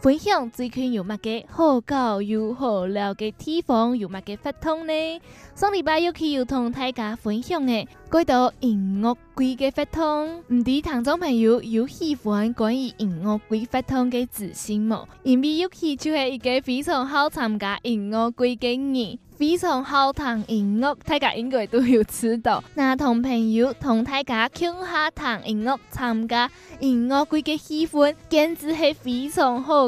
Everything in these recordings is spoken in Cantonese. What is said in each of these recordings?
分享最近有乜嘢好教又好聊嘅地方，有乜嘢活動呢？上禮拜 Yuki 又同大家分享嘅嗰度音樂會嘅活動，唔知聽眾朋友有喜歡關於音樂會活動嘅資訊冇？而 Yuki 就係一個非常好參加音樂會嘅人，非常好談音樂，大家應該都有知道。那同朋友同大家傾下談音樂，參加音樂會嘅氣氛，簡直係非常好。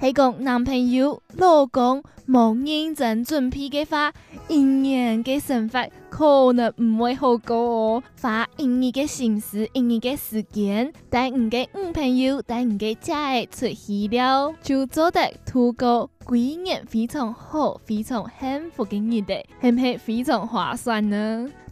如果男朋友老公冇認真準備嘅話，一年嘅懲罰可能唔會好過哦。花一年嘅心思、一年嘅時間，帶你嘅女朋友、帶你嘅車嘅出現了，就做得圖個鬼年非常好、非常幸福嘅日子，係唔係非常划算呢？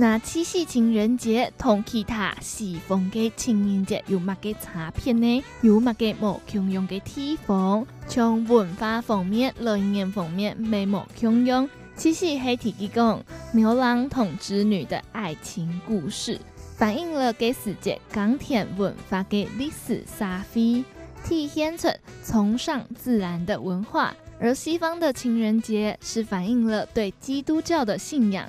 那七夕情人節同其他西方嘅情人節有乜嘅差別呢？有乜嘅無相同嘅地方？從文化方面、內容方面，美冇相同。七夕係提起講牛郎同織女的愛情故事，反映了給世界鋼鐵文化給歷史、社會、體現出崇尚自然的文化。而西方的情人節是反映了對基督教的信仰。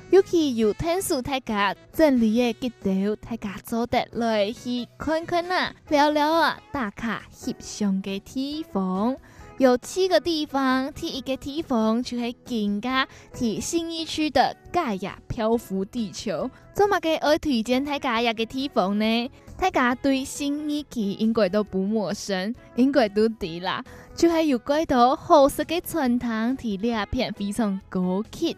尤其有天數大家鎮裏的街道大家走得來去看看啊，聊聊啊，打卡翕相的地方。有七個地方，第一個地方就是金家，係新一區的蓋亞漂浮地球。做乜嘅我推薦大家亞嘅地方呢？大家對新義氣應該都不陌生，應該都知啦。就係有蓋頭好色嘅磚糖 T 裂片，非常高級。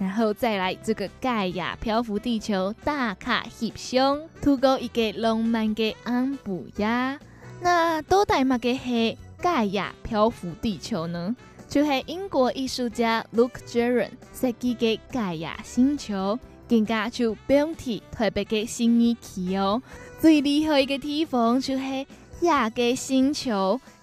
然後再來這個蓋亞漂浮地球打卡翕相，圖過一個浪漫的安布呀。那到底嘛嘅係蓋亞漂浮地球呢？就是英國藝術家 Luke Jerram 設計嘅蓋亞星球，更加就 b e n t y 特別的新意氣哦。最厲害一個地方就是亞嘅星球。